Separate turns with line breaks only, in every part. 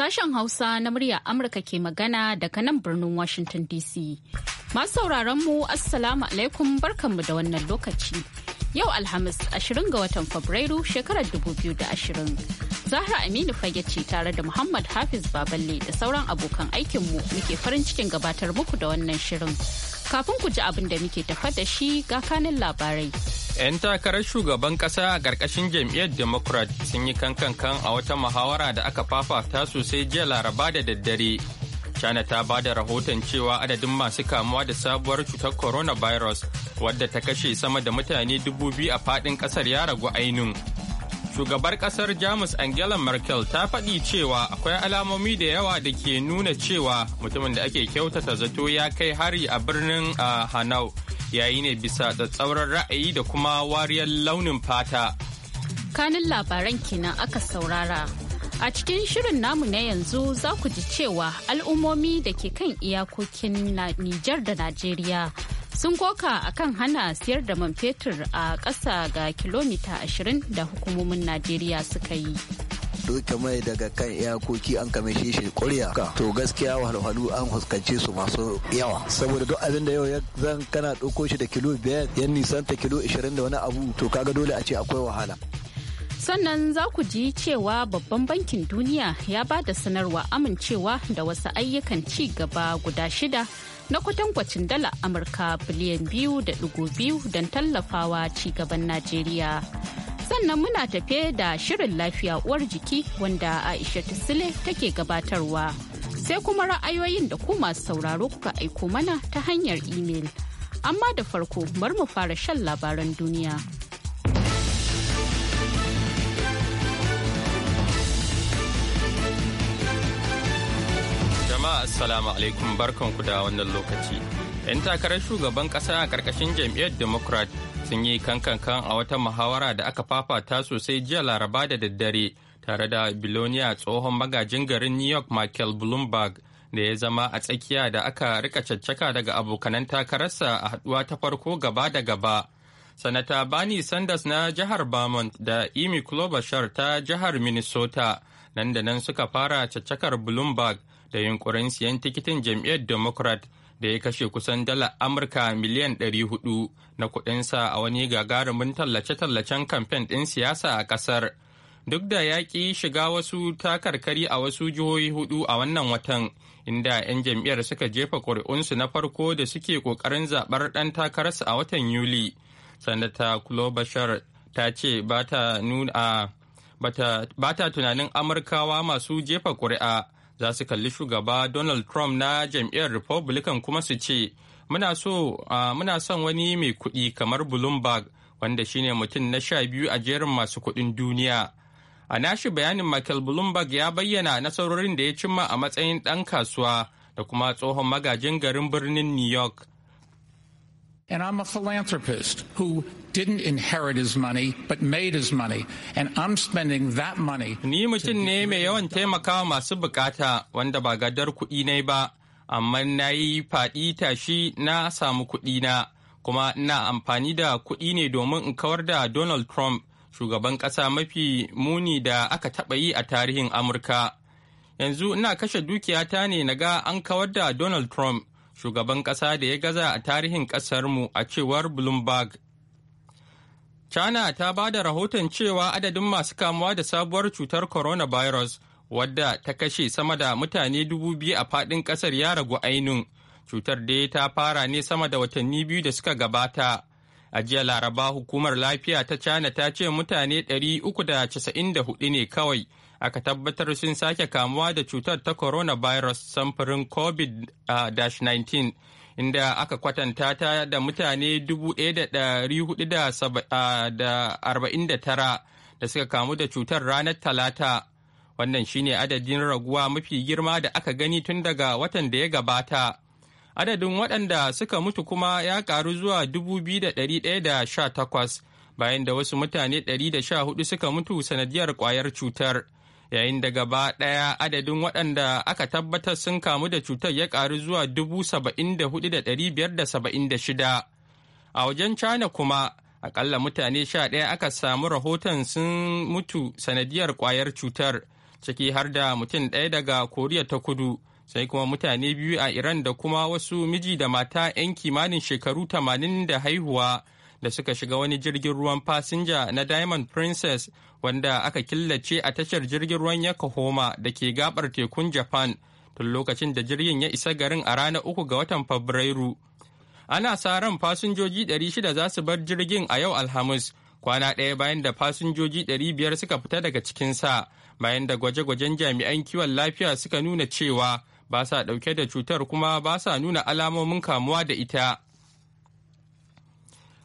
Sashen Hausa na murya Amurka ke magana daga nan birnin Washington DC. Masu sauraron mu Assalamu alaikum barkanmu da wannan lokaci. Yau Alhamis 20 ga watan Fabrairu shekarar 2020. Zahra Aminu fage ce tare da Muhammad Hafiz Baballe da sauran abokan aikinmu muke farin cikin gabatar muku da wannan shirin. Kafin ku ji abin da muke tafa da shi ga kanin labarai.
'Yan takarar shugaban ƙasa a ƙarƙashin jam'iyyar Democrat sun yi kankan kan a wata muhawara da aka fafata sosai jiya laraba da daddare. China ta ba da rahoton cewa adadin masu kamuwa da sabuwar cutar coronavirus wadda ta kashe sama da mutane dubu biyu a faɗin ƙasar ya ragu ainun. Shugabar kasar Jamus Angela Merkel ta faɗi cewa akwai alamomi da yawa da ke nuna cewa mutumin da ake kyautata zato ya kai hari a birnin Hanau yayi ne bisa tsatsauran ra'ayi da kuma wariyar launin fata.
Kanin labaran kenan aka saurara. A cikin shirin namu na yanzu za ku ji cewa al'ummomi da ke kan iyakokin Nijar da Najeriya sun koka akan hana siyar da man fetur a ƙasa ga kilomita 20 da hukumomin najeriya suka yi
doke mai daga kan iyakoki an kame shi shi kuriya to gaskiya wahalhalu an huskance su masu yawa saboda duk abin da yau ya zan kana ɗauko shi da kilo biyar yan nisan ta kilo 20 da wani abu to kaga dole a ce akwai wahala
sannan za ku ji cewa babban bankin duniya ya ba da sanarwa amincewa da wasu ayyukan ci gaba guda shida na kwatankwacin dala Amurka biliyan biyu da ɗigo biyu don tallafawa ci gaban Najeriya. Sannan muna tafe da shirin lafiya uwar jiki wanda Aisha Sule take gabatarwa. Sai kuma ra'ayoyin da ku masu sauraro kuka aiko mana ta hanyar imel. Amma da farko bar mu fara shan labaran duniya.
assalamu alaikum barkanku da wannan lokaci. 'Yan takarar shugaban ƙasa a ƙarƙashin jam'iyyar Democrat sun yi kankan a wata muhawara da aka fafata sosai jiya laraba da daddare tare da Bilonia tsohon magajin garin New York Michael Bloomberg da ya zama a tsakiya da aka rika caccaka daga abokanan takararsa a haɗuwa ta farko gaba da gaba. Sanata Bani Sanders na jihar Vermont da Amy Klobuchar ta jihar Minnesota nan da nan suka fara caccakar Bloomberg da yunkurin siyan tikitin jam'iyyar democrat da ya kashe kusan dala amurka miliyan 400 na kudinsa a wani gagarumin tallace-tallacen kamfen ɗin siyasa a ƙasar duk da yaƙi shiga wasu takarkari a wasu jihohi hudu a wannan watan inda 'yan jam'iyyar suka jefa ƙuri'unsu na farko da suke ƙoƙarin zaɓar ɗan takararsu a watan yuli sanata klobuchar ta ce ba ta tunanin amurkawa masu jefa ƙuri'a za su kalli shugaba donald trump na jam'iyyar republican kuma su ce muna so muna son wani mai kuɗi kamar bloomberg wanda shine mutum na sha biyu a jerin masu kuɗin duniya a nashi bayanin michael bloomberg ya bayyana nasarorin da ya cimma a matsayin ɗan kasuwa da kuma tsohon magajin garin birnin new york And I'm a philanthropist who didn't inherit his money but made his money and I'm spending that money. Ni mutum ne mai yawan taimakawa masu bukata wanda ba gadar kuɗi ne ba amma na yi faɗi tashi na samu kuɗi na kuma ina amfani da kuɗi ne domin in kawar da Donald Trump shugaban ƙasa mafi muni da aka taɓa yi a tarihin Amurka. Yanzu ina kashe dukiyata ne na ga an kawar da Donald Trump shugaban ƙasa da ya gaza a tarihin mu a cewar Bloomberg. China ta ba da rahoton cewa adadin masu kamuwa da sabuwar cutar coronavirus wadda ta kashe sama da mutane dubu biyu a faɗin ƙasar ya ragu ainun. Cutar dai ta fara ne sama da watanni biyu da suka gabata. A jiya Laraba hukumar lafiya ta China ta ce mutane 394 ne kawai aka tabbatar sun sake kamuwa da cutar ta coronavirus samfurin COVID-19. Ah, inda aka kwatanta ta da mutane 1,449 da suka kamu da cutar ranar talata wannan shine adadin raguwa mafi girma da aka gani tun daga watan da ya gabata adadin waɗanda suka mutu kuma ya ƙaru zuwa 2,118 bayan da wasu mutane 114 suka mutu sanadiyar ƙwayar cutar. yayin da gaba ɗaya adadin waɗanda aka tabbatar sun kamu da cutar ya ƙaru zuwa 74,576 a wajen china kuma akalla mutane sha ɗaya aka samu rahoton sun mutu sanadiyar ƙwayar cutar ciki har da mutum ɗaya daga koriya ta kudu sai kuma mutane biyu a iran da kuma wasu miji da mata 'yan kimanin shekaru 80 da haihuwa da suka shiga wani jirgin ruwan fasinja na Diamond Princess wanda aka killace a tashar jirgin ruwan Yokohama da ke gabar tekun Japan tun lokacin da jirgin ya isa garin a ranar uku ga watan Fabrairu. Ana sa ran fasinjoji 600 za su bar jirgin a yau Alhamis, kwana ɗaya bayan da fasinjoji 500 suka fita daga cikinsa, bayan da gwaje-gwajen jami'an kiwon lafiya suka nuna cewa ba sa ɗauke da cutar kuma ba sa nuna alamomin kamuwa da ita.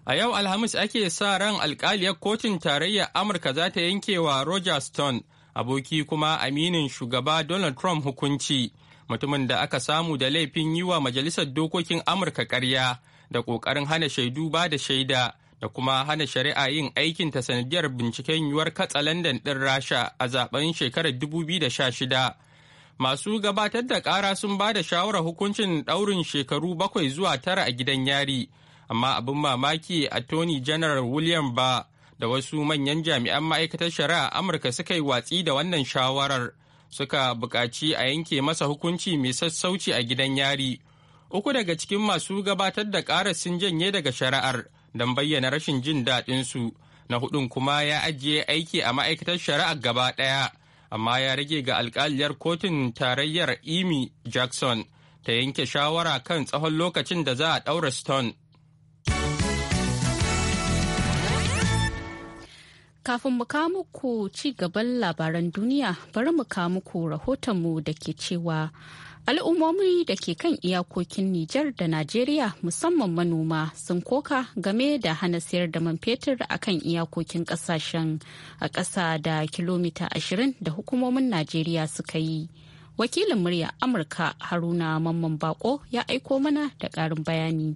A yau Alhamis ake sa ran alkaliyar kotun tarayyar Amurka za ta yanke wa Roger Stone, aboki kuma aminin shugaba Donald Trump hukunci, mutumin da aka samu da laifin yi wa Majalisar Dokokin Amurka karya, da ƙoƙarin hana shaidu ba da shaida da kuma hana shari'a yin aikin ta sanadiyar binciken yuwar katsalandan ɗin Rasha a zaben shekarar 2016. Masu gabatar da ƙara sun ba da shawarar hukuncin ɗaurin shekaru bakwai zuwa tara a gidan yari. amma abin mamaki attorney general william ba da wasu manyan jami'an ma'aikatar shari'a amurka suka yi watsi da wannan shawarar suka buƙaci a yanke masa hukunci mai sassauci a gidan yari uku daga cikin masu gabatar da ƙara sun janye daga shari'ar don bayyana rashin jin daɗinsu na hudun kuma ya ajiye aiki a ma'aikatar shari'a gaba ɗaya amma ya rage ga alkaliyar kotun tarayyar imi jackson ta yanke shawara kan tsawon lokacin da za a ɗaura stone
Kafin mu kawo muku ci gaban labaran duniya bari mu kawo muku rahotonmu da ke cewa al'ummomi da ke kan iyakokin Nijar da Najeriya musamman manoma sun koka game da hana sayar da man fetur a kan iyakokin kasashen a ƙasa da kilomita ashirin da hukumomin Najeriya suka yi. Wakilin murya Amurka Haruna Mamman Bako ya aiko mana da ƙarin bayani.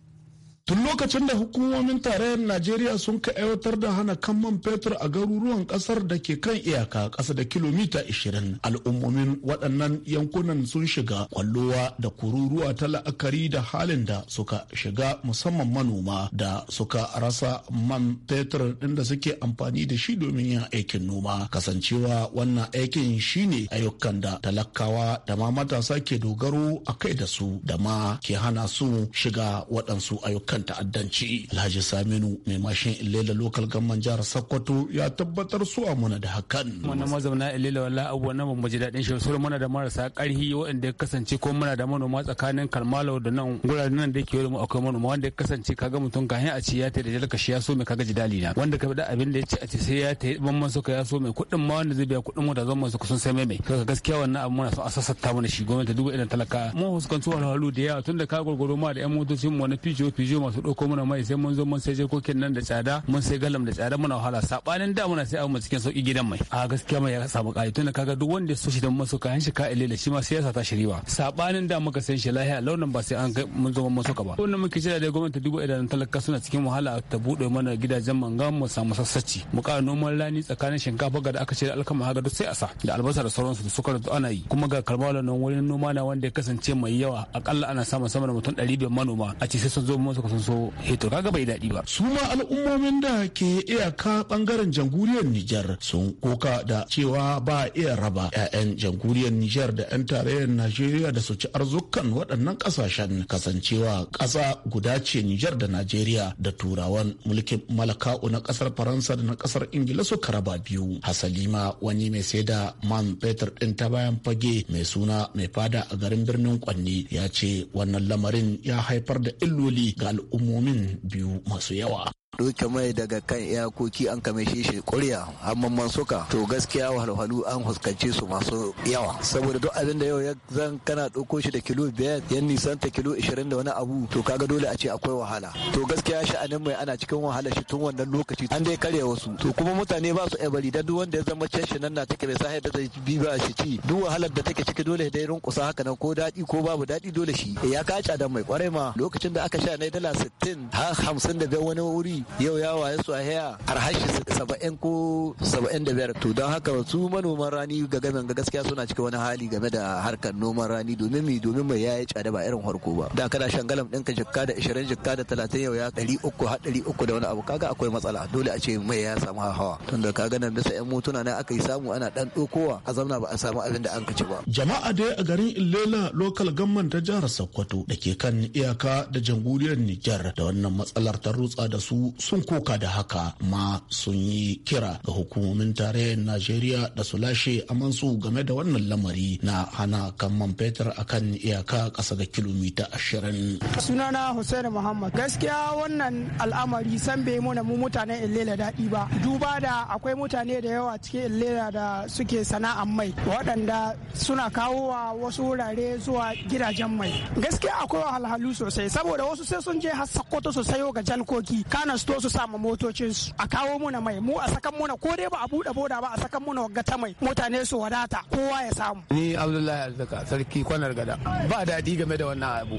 tun lokacin da hukumomin tarayyar najeriya sun ka aiwatar da hana kan man fetur a garuruwan kasar da ke kan iyaka ƙasa da kilomita 20 al'ummomin waɗannan yankunan sun shiga kwallowa da kururuwa ta la'akari da halin da suka shiga musamman manoma da suka rasa man fetur ɗin da suke amfani da shi domin yin aikin noma kasancewa wannan aikin shine ayyukan da talakawa da ma matasa ke dogaro a kai da su da ma ke hana su shiga waɗansu ayyukan ayyukan ta'addanci alhaji saminu mai mashin ilela lokal gamman jihar sokoto ya tabbatar su a muna da hakan
wani mazauna ilela wala abuwa na mu daɗin shi su muna da marasa ƙarhi waɗanda ya kasance ko muna da manoma tsakanin kalmalo da nan guraren nan da ke mu akwai manoma wanda ya kasance kaga mutum kahin a ci ya ta da jalka shi ya so mai kaga jidali na wanda ka da abin da ya ci a ci sai ya ta ban suka ya so mai kuɗin ma wanda zai biya kuɗin mota zan masu kusan sai mai mai kaga gaskiya wannan abu muna so a sassata mana shi gwamnati duba irin talaka mun huskanci halu da yawa tun da ka gwargwaro ma da 'yan motocin mu wani fijo fijo kama su ɗauko mana mai sai mun zo mun sai jikokin nan da tsada mun sai galam da tsada muna wahala sabanin da muna sai abu mai cikin sauki gidan mai a gaskiya mai ya samu ƙari tunda kaga duk wanda so shi da masu kayan shi ka ilele shi ma sai ya sa ta ba sabanin da muka san shi lahiya launin ba sai an kai mun zo mun soka ba nan muke jira da gwamnati dubu idan talaka suna cikin wahala ta buɗe mana gidajen manga mu samu sassaci mu ƙara noman rani tsakanin shinkafa ga da aka ce da alkama haka duk sai a sa da albasa da sauransu da sukar da ana yi kuma ga karmala nan wurin noma na wanda ya kasance mai yawa akalla ana samun sama da mutum 500 manoma a ce sai sun zo mun suka sun so heto eh, kaga bai daɗi ba.
su ma al'ummomin da ke iyaka bangaren jamhuriyar nijar sun koka da cewa ba iya raba 'ya'yan jamhuriyar nijar da 'yan tarayyar najeriya da su ci arzukan waɗannan ƙasashen kasancewa ƙasa guda ce nijar da najeriya da turawan mulkin malaka'u na ƙasar faransa da na ƙasar ingila suka raba biyu hasalima wani mai sai da man fetur ɗin ta bayan fage mai suna mai fada a garin birnin kwanni ya ce wannan lamarin ya haifar da illoli ga al'ummomin biyu masu yawa
doke mai daga kan iyakoki an kame shi shi ƙurya amman suka to gaskiya wahalhalu an huskance su masu yawa saboda duk abin da yau ya zan kana ɗauko shi da kilo biyar yan nisan ta kilo ishirin da wani abu to kaga dole a ce akwai wahala to gaskiya sha'anin mai ana cikin wahala shi tun wannan lokaci an dai karya wasu to kuma mutane ba su iya bari dan duk wanda ya zama cin shi nan na take mai sa da zai bi ba shi ci duk wahalar da take ciki dole dai rinkusa haka nan ko daɗi ko babu daɗi dole shi ya kaca da mai kwarai ma lokacin da aka sha na dala sittin har hamsin da wani wuri yau ya waye su a haya hashi saba'in ko saba'in da biyar to don haka su manoman rani ga gamen ga gaskiya suna cikin wani hali game da harkar noman rani domin mi domin mai yayi tsada ba irin harko ba da kana shangalam ɗinka jikka da ishirin jikka da talatin yau ya 300 har ɗari da wani abu kaga akwai matsala dole a ce mai ya samu hawa tunda kaga nan bisa yan motuna na aka yi samu ana ɗan dokowa a zauna ba a samu abin da an kace ba.
jama'a dai a garin illela lokal gamman ta jihar sokoto da ke kan iyaka da jamhuriyar nijar da wannan matsalar ta rutsa da su sun koka da haka ma sun yi kira ga hukumomin tarayyar najeriya da su lashe amansu game da wannan lamari na hana kan man fetur a kan iyaka ƙasa da kilomita ashirin
sunana hussein muhammad gaskiya wannan al'amari san bai muna mu mutanen illela daɗi ba duba da akwai mutane da yawa cikin illela da suke sana'an mai waɗanda suna kawo wa wasu wurare zuwa gidajen mai gaskiya akwai wahalhalu sosai saboda wasu sai sun je har sakkwato su sayo ga jalkoki kana su su samu motocin su a kawo muna mai mu a sakan muna ko dai ba a bude boda ba a sakan muna wagga ta mai mutane su wadata kowa ya samu
ni abdullahi alzaka sarki kwanar gada ba daɗi game da wannan abu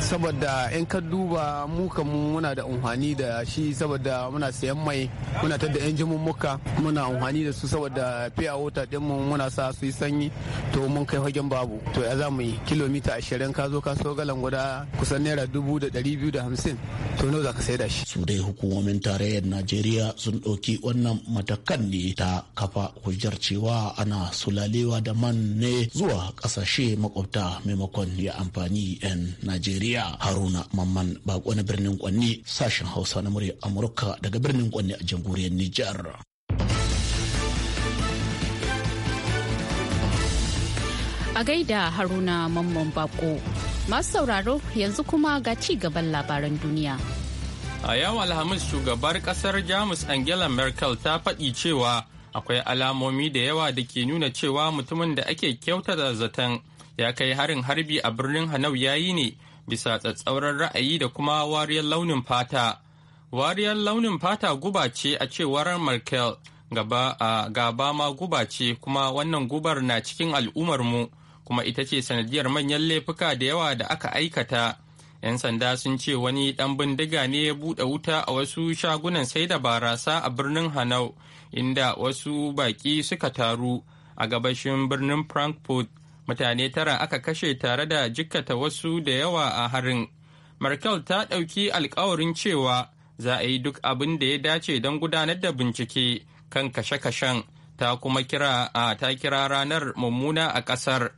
saboda in ka duba mu kamu muna da unhani da shi saboda muna sayan mai muna tadda jimin muka muna unhani da su saboda fiya din mu muna sa su yi sanyi to mun kai fagen babu to ya za mu yi kilomita ashirin ka zo ka so galan guda kusan naira dubu da dari biyu da hamsin
to nawa za ka sai da shi hukumomin tarayyar najeriya sun ɗauki wannan matakan ne ta kafa hujjar cewa ana sulalewa da man ne zuwa ƙasashe makwabta maimakon ya amfani 'yan najeriya haruna mamman bako na birnin kwanni sashen hausa na murya amurka daga birnin kwanni a jamhuriyar nijar
a gaida haruna mamman bako masu sauraro yanzu kuma ga ci gaban labaran duniya
A yau Alhamis shugabar kasar Jamus Angela Merkel ta faɗi cewa akwai alamomi da yawa da ke nuna cewa mutumin da ake kyautata zaton ya kai harin harbi a birnin Hanau yayi ne bisa tsatsauran ra'ayi da kuma wariyar launin fata. Wariyar launin fata guba ce a cewar Merkel gaba a gaba ma guba ce kuma wannan gubar na cikin al'ummar mu kuma ita ce sanadiyar manyan laifuka da yawa da aka aikata. 'Yan sanda sun ce wani dan bindiga ne ya bude wuta a wasu shagunan sai da barasa a birnin Hanau, inda wasu baki suka taru a gabashin birnin Frankfurt. Mutane tara aka kashe tare da jikkata wasu da yawa a harin. Merkel ta ɗauki alkawarin cewa za a yi duk abin da ya dace don gudanar da bincike kan kashe-kashen ta kuma kira a ta kira ranar mummuna a ƙasar.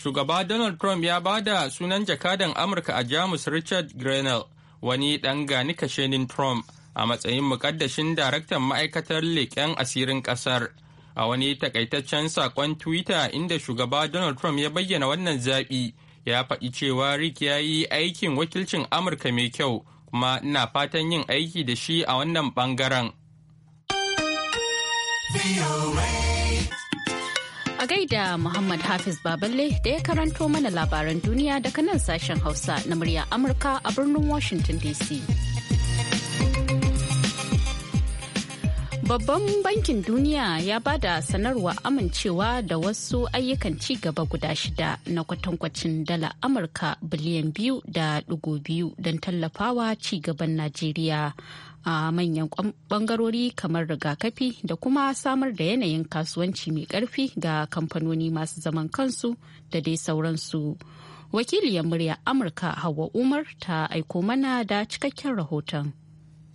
shugaba Donald Trump ya ba da sunan jakadan Amurka a Jamus Richard Grenell, wani ɗan gani kashenin Trump a matsayin mukaddashin daraktan ma'aikatar leƙen asirin ƙasar. A wani takaitaccen saƙon Twitter inda shugaba Donald Trump ya bayyana wannan zaɓi ya faɗi cewa Rick ya yi aikin wakilcin Amurka mai kyau kuma ina fatan yin aiki da shi a wannan ɓangaren.
A gaida Muhammad Hafiz Baballe da ya karanto mana labaran duniya daga nan sashen Hausa na murya Amurka a birnin Washington DC. Babban bankin duniya ya ba da sanarwa amincewa da wasu ayyukan ci gaba guda shida na kwatankwacin dala Amurka biliyan biyu da dugu biyu don tallafawa ci gaban Najeriya a manyan bangarori kamar rigakafi da kuma samar da yanayin kasuwanci mai karfi ga kamfanoni masu zaman kansu da dai sauransu. Wakiliyar murya Amurka Hawa Umar ta aiko mana da cikakken rahoton.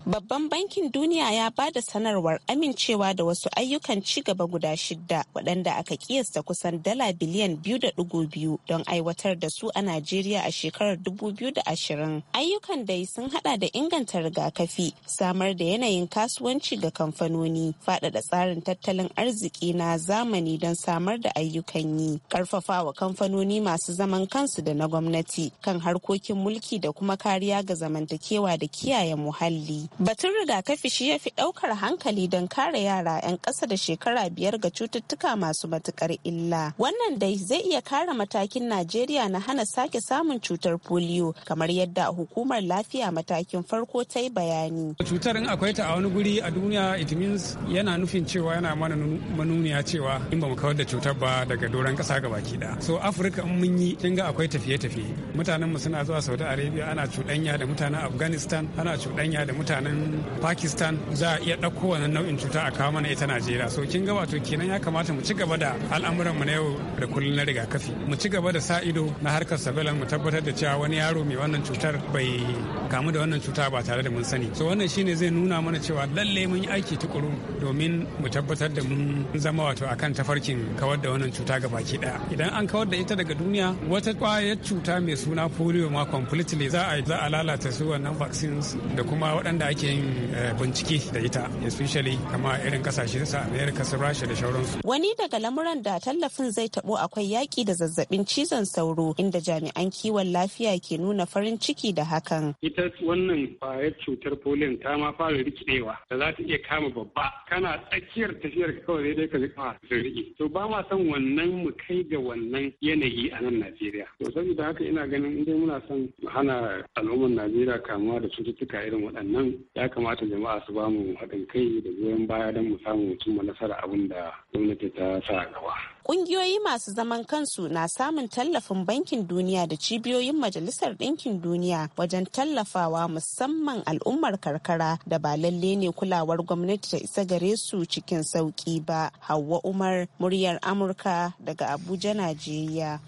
Babban bankin duniya ya ba da sanarwar amincewa da wasu ayyukan ci gaba guda shidda waɗanda aka kiyasta kusan dala biliyan biyu da ɗigo biyu don aiwatar da su a Najeriya a shekarar dubu biyu da ashirin. Ayyukan dai sun haɗa da inganta rigakafi, samar da yanayin kasuwanci ga kamfanoni, faɗaɗa tsarin tattalin arziki na zamani don samar da ayyukan yi, ƙarfafawa kamfanoni masu zaman kansu da na gwamnati kan harkokin mulki da kuma kariya ga zamantakewa da kiyaye muhalli. Batun rigakafi shi ya fi daukar hankali don kare yara 'yan ƙasa da shekara biyar ga cututtuka masu matukar illa. Wannan dai zai iya kare matakin Najeriya na hana sake samun cutar polio kamar yadda hukumar lafiya matakin farko ta yi bayani.
Cutar in akwai ta a wani guri a duniya it means yana nufin cewa yana mana manuniya cewa in ba mu kawar da cutar ba daga doron ƙasa ga baki ɗaya. So Afirka in mun yi kin akwai tafiye-tafiye. mutanenmu suna zuwa Saudi Arabia ana cuɗanya da mutanen Afghanistan ana cuɗanya da mutanen mutanen pakistan za a iya ɗauko wannan nau'in cuta a kawo mana ita najeriya so kin ga wato kenan ya kamata mu ci gaba da al'amuranmu na yau da kullum na rigakafi mu ci gaba da sa ido na harkar surveillance mu tabbatar da cewa wani yaro mai wannan cutar bai kamu da wannan cuta ba tare da mun sani so wannan shine zai nuna mana cewa lalle mun yi aiki tukuru domin mu tabbatar da mun zama wato akan tafarkin kawar da wannan cuta ga baki daya idan an kawar da ita daga duniya wata kwayar cuta mai suna polio ma completely za a lalata su wannan vaccines da kuma waɗanda yakin eh, bincike da ita especially kama irin kasashe sa america su rasha da shauransu
wani daga lamuran da tallafin zai tabo akwai yaki da zazzabin cizon sauro inda jami'an kiwon lafiya ke nuna farin ciki da hakan
ita wannan kwayar cutar polio ta ma fara rikidewa da za ta iya kama babba kana tsakiyar tafiyar ka kawai dai ka zika sun rike to ba ma san wannan mu kai ga wannan yanayi a nan najeriya to saboda haka ina ganin indai muna son hana al'ummar najeriya kamuwa da cututtuka irin waɗannan ya kamata jama'a su bamu haɗin kai da goyon baya don mu samu cimma nasara abin da gwamnati ta sa gaba.
Ƙungiyoyi masu zaman kansu na samun tallafin bankin duniya da cibiyoyin majalisar ɗinkin duniya wajen tallafawa musamman al'ummar karkara da ba lalle ne kulawar gwamnati ta isa gare su cikin sauƙi ba. Hauwa Umar, muryar Amurka daga Abuja, Najeriya.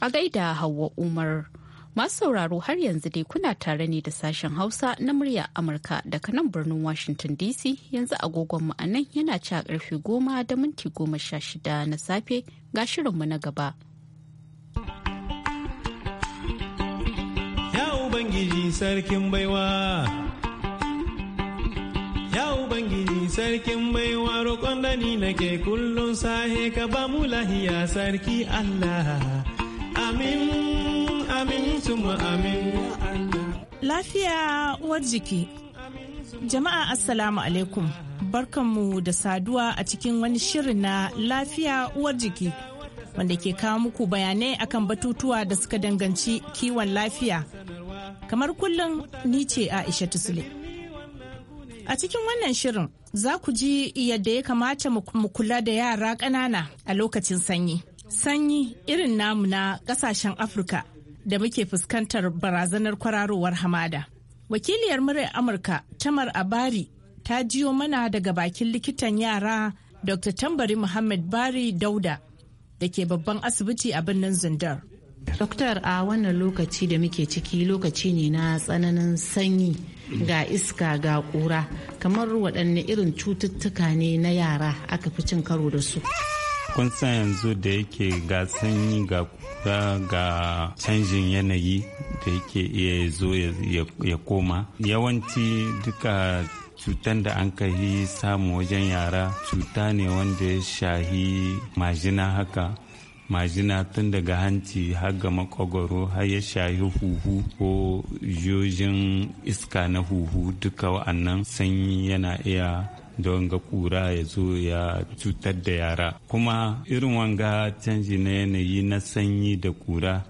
A
gaida Hauwa Umar. Masu sauraro har yanzu dai kuna tare ne da sashen Hausa na murya Amurka daga nan birnin Washington DC yanzu agogon mu a nan yana ci a karfe goma da minti goma sha shida na safe ga shirinmu na gaba.
Ya Ubangiji sarkin baiwa. Ya Ubangiji sarkin baiwa roƙon da nake kullum sahe ka ba mu lahiya sarki Allah. Amin. lafiya uwar
jiki jama'a assalamu alaikum barkanmu da saduwa a cikin wani shirin na lafiya uwar jiki wanda ke kawo muku bayanai akan batutuwa da suka danganci kiwon lafiya kamar kullum ni ce aisha tusule a cikin wannan shirin za ku ji yadda ya kamata mu kula da yara ƙanana a lokacin sanyi sanyi irin namu na ƙasashen afirka da muke fuskantar barazanar kwararowar hamada. Wakiliyar muryar Amurka Tamar Abari ta jiyo mana daga bakin likitan yara Dr. Tambari Muhammad Bari Dauda da ke babban asibiti a birnin Zindar.
Doktor a wannan lokaci da muke ciki lokaci ne na tsananin sanyi ga iska ga kura kamar waɗanne irin cututtuka ne na yara aka fi cin karo da su.
kun san yanzu da yake ga sanyi ga ga canjin yanayi da yake iya zo ya koma yawanci duka cutan da an ka samu wajen yara cuta ne wanda ya shahi majina haka majina tun daga hanci har ga makogoro har ya shahi huhu ko yojin iska na huhu duka wa'annan sanyi yana iya don ga kura ya zo ya cutar da yara kuma irin wanga canji na yanayi na sanyi da kura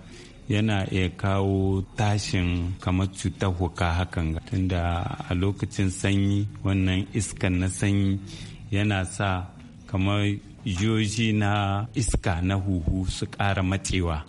yana iya kawo tashin kamar cutar huka hakan ga. tunda a lokacin sanyi wannan iskan na sanyi yana sa kamar yoji na iska na huhu su ƙara matsewa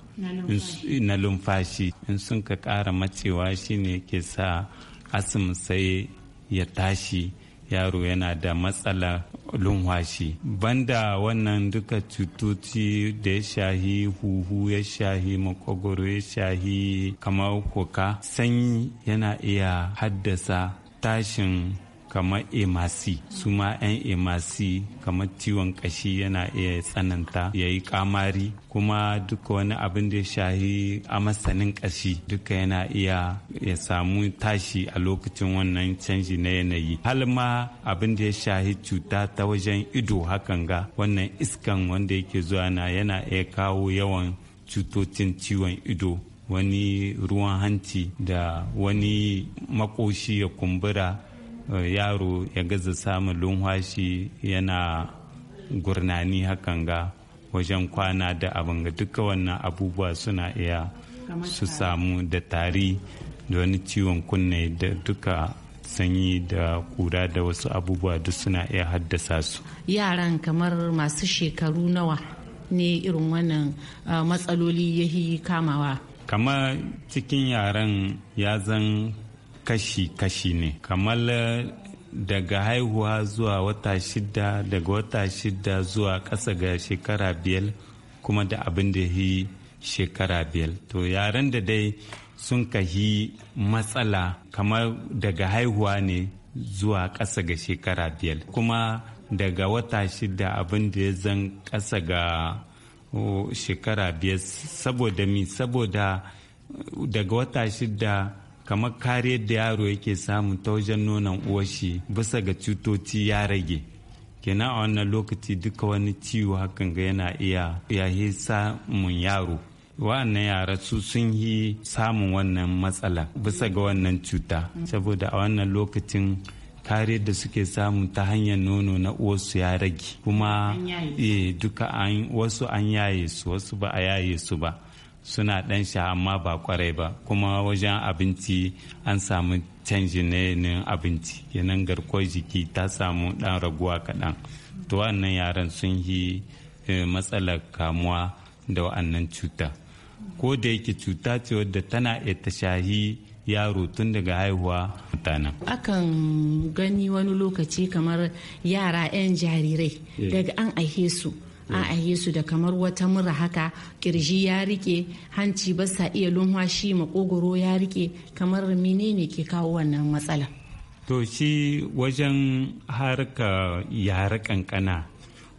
na lumfashi in sun ka ƙara matsewa shine ke sa asim sai ya tashi yaro yana da matsala lumwashi banda wannan duka cutoci da ya shahi huhu ya shahi makogoro ya shahi kamar koka sanyi yana iya haddasa tashin kamar emasi su ma 'yan emasi kamar ciwon kashi yana iya tsananta ya yi kamari kuma duka wani abin da ya shahi masanin kashi duka yana iya ya samu tashi a lokacin wannan canji na yanayi har ma abin da ya shahi cuta ta wajen ido hakan ga wannan iskan wanda yake zuwa na yana iya kawo yawan cutocin ciwon ido wani ruwan hanci da wani makoshi ya kumbura Eh, yaro ya gaza samun lunwashi yana gurnani hakan ga wajen kwana da abin ga duka wannan abubuwa suna iya su samu da tari da wani ciwon kunne da duka sanyi da kura da wasu abubuwa duk suna iya haddasa su
yaran kamar masu shekaru nawa ne irin wannan eh, matsaloli ya kamawa
kamar cikin yaran ya zan kashi-kashi ne kamar eh, daga haihuwa zuwa wata shida daga wata shida zuwa ƙasa ga shekara biyar kuma da abin da yi shekara biyar to yaren da dai sun kahi matsala kamar daga haihuwa ne zuwa ƙasa ga shekara biyar kuma daga wata shida abin da ya zan ƙasa ga shekara biyar saboda mi saboda eh, daga wata shida kamar kariyar da yaro yake samu ta wajen nonon uwashi bisa ga cutoci ya rage kenan a wannan lokaci duka wani ciwo hakan ga yana iya yi samun yaro wa'annan yara su sun yi samun wannan matsala bisa ga wannan cuta saboda a wannan lokacin kariyar da suke samu ta hanyar nono na uwarsu ya rage kuma eh, duka wasu an yaye su wasu ba a yaye su ba suna ɗan sha amma ba kwarai ba kuma wajen abinci an samu canji na yanayin abinci yanayin garkuwar jiki ta samu ɗan raguwa kaɗan to wannan yaran sun yi eh, matsalar kamuwa da wa'annan cuta ko da yake cuta ce wadda tana iya shahi yaro tun daga haihuwa mutanen.
akan gani wani lokaci kamar yara 'yan jarirai eh. daga an aihe su a ahe su da kamar wata mura haka kirji ya rike hanci ba sa iya lumhashi makogoro ya rike kamar menene ke kawo wannan matsala
to shi wajen harka yara kankana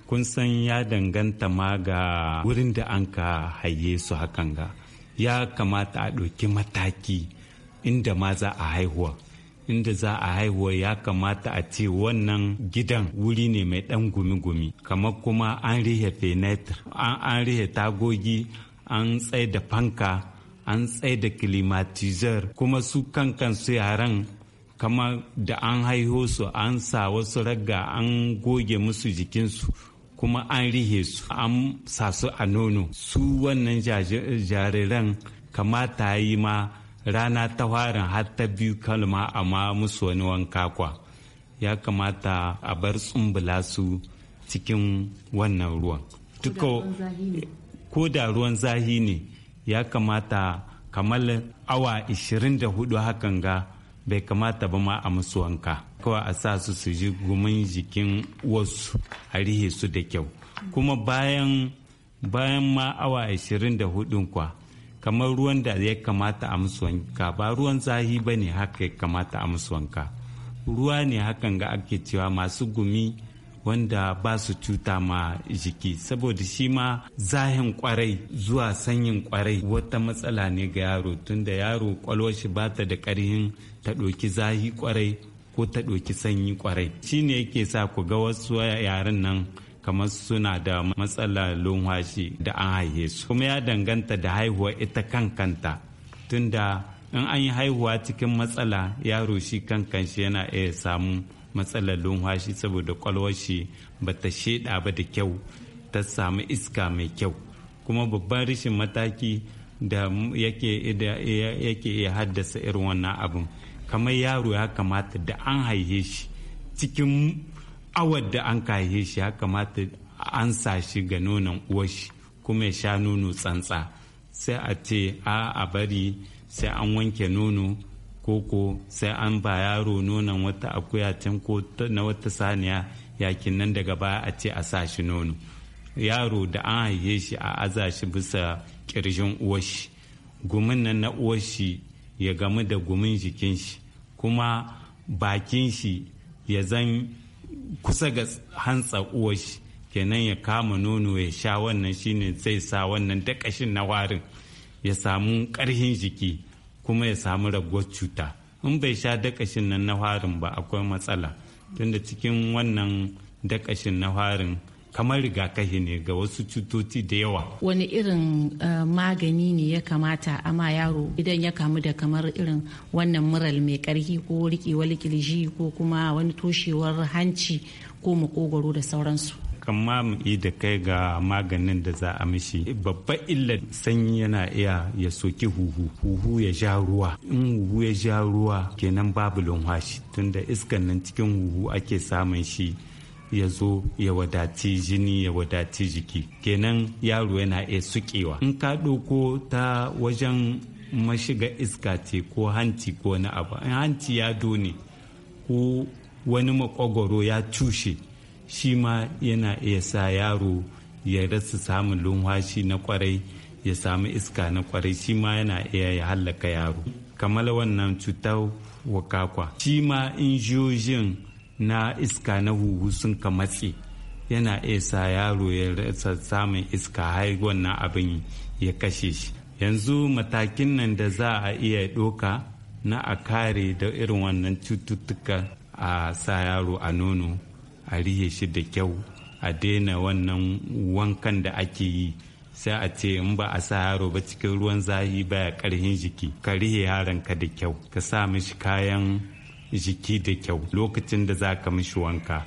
kun san ya danganta ma ga wurin da an ka haye su hakan ga ya kamata a ɗauki mataki inda ma za a haihuwa inda za a haihuwa ya kamata a ce wannan gidan wuri ne mai ɗan gumi-gumi kamar kuma an rihe fenetir an rihe tagogi an tsaye da fanka an tsaye da climatizer kuma su kankan su yaran kama da an haihu su an sa wasu ragga an goge musu jikinsu kuma an rihe su an sa su a nono su wannan jariran kamata yi ma rana ta farin har ta biyu kalma amma musu wani wanka kwa ya kamata a bar tsumbula su cikin wannan ruwan ko da ruwan zahi ne ya kamata kamar awa 24 hakan ga bai kamata ba ma a musu wanka kawai a sa su su ji gumin jikin wasu a rihe su da kyau kuma bayan bayan ma awa 24 kwa kamar ruwan da ya kamata a musu wanka ba ruwan zahi ba ne haka ya kamata a musu wanka ruwa ne hakan ga ake cewa masu gumi wanda ba su cuta ma jiki saboda shi ma zahin kwarai zuwa sanyin kwarai wata matsala ne ga yaro tunda yaro kwalwashi shi ba ta da karhin ta ɗauki zahi kwarai ko ta ɗoki sanyi kwarai shi ne yake sa ku ga wasu yaren nan kamar suna da matsalar lumhashi da an haihe su kuma ya danganta da haihuwa ita kankanta tunda in an yi haihuwa cikin matsala yaro shi kankan shi yana iya samu matsalar lumhashi saboda kwalwashi ba ta sheda ba da kyau ta samu iska mai kyau kuma babban rashin mataki da yake iya haddasa irin wannan abin kamar yaro ya kamata da an haihe shi cikin awar da an kaye shi ya kamata an sa shi ga nonon uwashi kuma ya sha nono tsantsa sai a ce a a bari sai an wanke nono koko sai an ba yaro nonon wata akuya can ko na wata saniya yakin nan daga baya a ce a sa shi nono yaro da an haihe shi a aza shi bisa kirjin uwashi gumin nan na uwashi ya gamu da gumin jikin shi kuma bakin shi ya zan kusa ga hantsa uwar shi kenan ya kama nono ya sha wannan shine zai sa wannan dakashin na warin ya samu karhin jiki kuma ya samu raguwar cuta in bai sha dakashin nan na warin ba akwai matsala tunda cikin wannan dakashin na warin kamar rigakafi ne ga wasu cutoci da yawa.
Wani irin eh, magani ne ya kamata ama yaro idan ya kamu da kamar irin wannan mural mai karhi ko rikewar kirji ko kuma wani toshewar hanci ko makogoro da sauransu.
kamma mu yi da kai ga maganin da za a mishi babban illar sanyi yana iya ya soki huhu huhu ya ja ruwa in huhu ya ja ruwa kenan babu lumhashi tunda iskan nan cikin huhu ake samun shi ya zo ya wadaci jini ya wadaci jiki kenan yaro yana iya sukewa in ka ɗauko ta wajen mashiga iska ce ko hanci ko wani abu in hanci ya done ko wani makogoro ya cushe shi ma yana iya sa yaro ya rasa samun lumhashi na kwarai ya samu iska na kwarai shi ma yana iya ya hallaka yaro kamar wannan cutar wakakwa shi ma injiyojin na iska na huhu sun ka matse yana isa yaro ya rasa samun iska har wannan abin ya kashe shi yanzu matakin nan da za a iya doka na a kare da irin wannan cututtuka a sa yaro a nono a rihe shi da kyau a daina wannan wankan da ake yi sai a ce in ba a sa yaro ba cikin ruwan zahi ya karhin jiki ka rihe yaranka da kyau ka sa mishi kayan jiki da kyau lokacin da za ka mishi wanka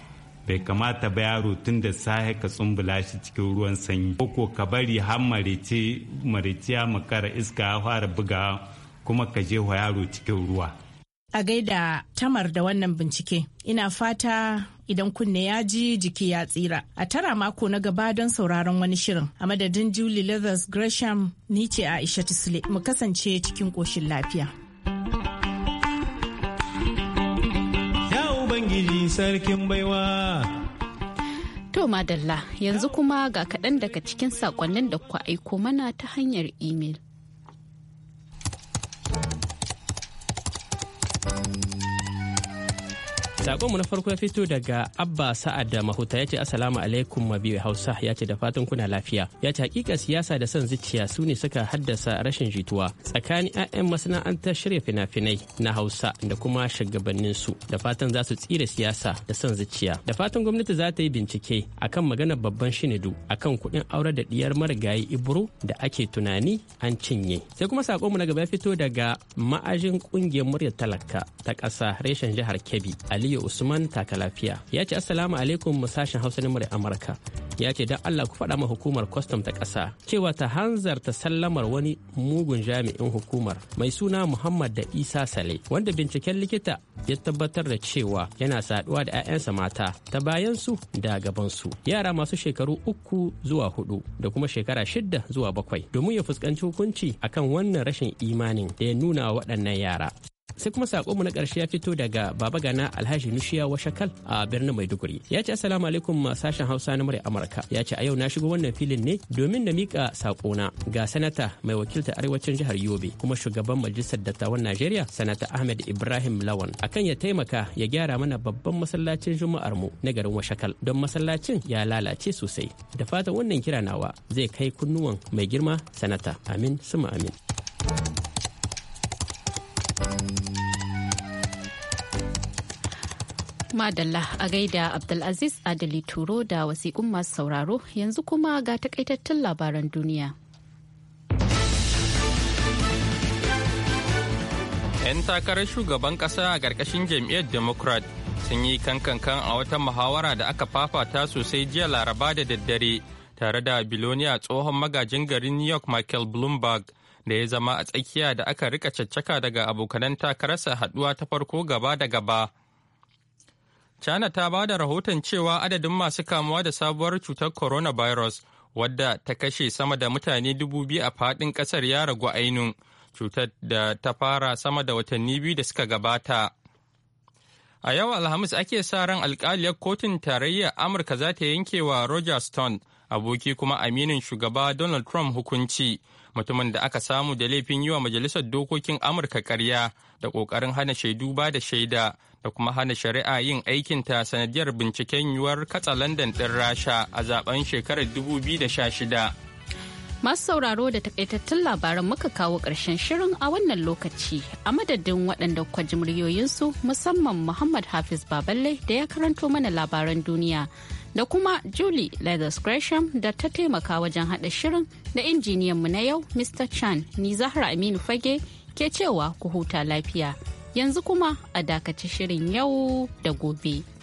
bai kamata ba yaro tun da sahe ka tsumbula shi cikin ruwan sanyi ko ka bari har marice ya makara iska ya fara buga kuma ka je wa yaro cikin ruwa
a gaida tamar da wannan bincike ina fata idan kunne ya ji jiki ya tsira a tara mako na gaba don sauraron wani shirin a madadin julie leathers gresham ni ce aisha sule mu kasance cikin koshin lafiya
sarkin baiwa.
To madalla yanzu kuma ga kaɗan daga cikin saƙonnin da ku aiko mana ta hanyar imel.
Sakonmu na farko ya fito daga Abba Sa'ad da Mahuta ya ce Assalamu alaikum mabiyu Hausa ya ce da fatan kuna lafiya. Ya ce hakika siyasa da son zuciya su ne suka haddasa rashin jituwa tsakanin 'ya'yan masana'antar shirya fina-finai na Hausa da kuma shugabannin su da fatan za su tsira siyasa da son zuciya. Da fatan gwamnati za ta yi bincike akan magana babban shinidu akan kuɗin aurar da ɗiyar marigayi Ibro da ake tunani an cinye. Sai kuma sakonmu na gaba ya fito daga ma'ajin ƙungiyar muryar talaka ta ƙasa reshen jihar Kebbi Aliyu Usman Takalafiya ya ce Assalamu alaikum sashen Hausa na Amurka ya ce don Allah ku faɗa ma hukumar kwastam ta ƙasa cewa ta hanzarta sallamar wani mugun jami'in hukumar mai suna Muhammad da Isa Sale wanda binciken likita ya tabbatar da cewa yana saduwa da 'ya'yansa mata ta bayan su da gaban su yara masu shekaru uku zuwa hudu da kuma shekara shida zuwa bakwai domin ya fuskanci hukunci akan wannan rashin imanin da ya nuna wa waɗannan yara. sai kuma mu na karshe ya fito daga baba gana alhaji nushiya washakal a birnin maiduguri ya ce assalamu alaikum sashen hausa na murya amurka ya ce a yau na shigo wannan filin ne domin na mika na. ga sanata mai wakiltar arewacin jihar yobe kuma shugaban majalisar dattawan najeriya sanata ahmed ibrahim lawan akan ya taimaka ya gyara mana babban masallacin juma'ar mu na garin washakal don masallacin ya lalace sosai da fatan wannan kira nawa zai kai kunnuwan mai girma sanata amin suma amin
Madalla a gaida Abdulaziz Adali Turo da wasiƙun masu sauraro yanzu kuma ga takaitattun labaran duniya.
'Yan takarar shugaban ƙasa a ƙarƙashin jam'iyyar Democrat sun yi kankankan a wata muhawara da aka fafata sosai jiya laraba da daddare tare da biloniya tsohon magajin garin New York Michael Bloomberg da ya zama a tsakiya da aka rika caccaka daga abokanan takararsa haduwa ta farko gaba da gaba. China ta ba da rahoton cewa adadin masu kamuwa da sabuwar cutar coronavirus wadda ta kashe sama da mutane dubu biyu a faɗin ƙasar ya ragu ainun cutar da ta fara sama da watanni biyu da suka gabata. A yau Alhamis ake sa ran alkaliyar kotun tarayya Amurka za ta yanke wa Roger Stone, aboki kuma aminin shugaba Donald Trump hukunci, mutumin da aka samu da laifin yi wa Majalisar Dokokin Amurka karya da ƙoƙarin hana shaidu ba da shaida da kuma hana shari'a yin aikin ta sanadiyar binciken yuwar katsalandan ɗin rasha a zaben shekarar 2016
masu sauraro da takaitattun labaran muka kawo ƙarshen shirin a wannan lokaci a madadin waɗanda kwaji muryoyinsu musamman muhammad hafiz baballe da ya karanto mana labaran duniya da kuma julie leathers gresham da ta taimaka wajen haɗa shirin da injiniyanmu na yau mr chan ni zahra aminu fage ke cewa ku huta lafiya. yanzu kuma a dakaci shirin yau da gobe.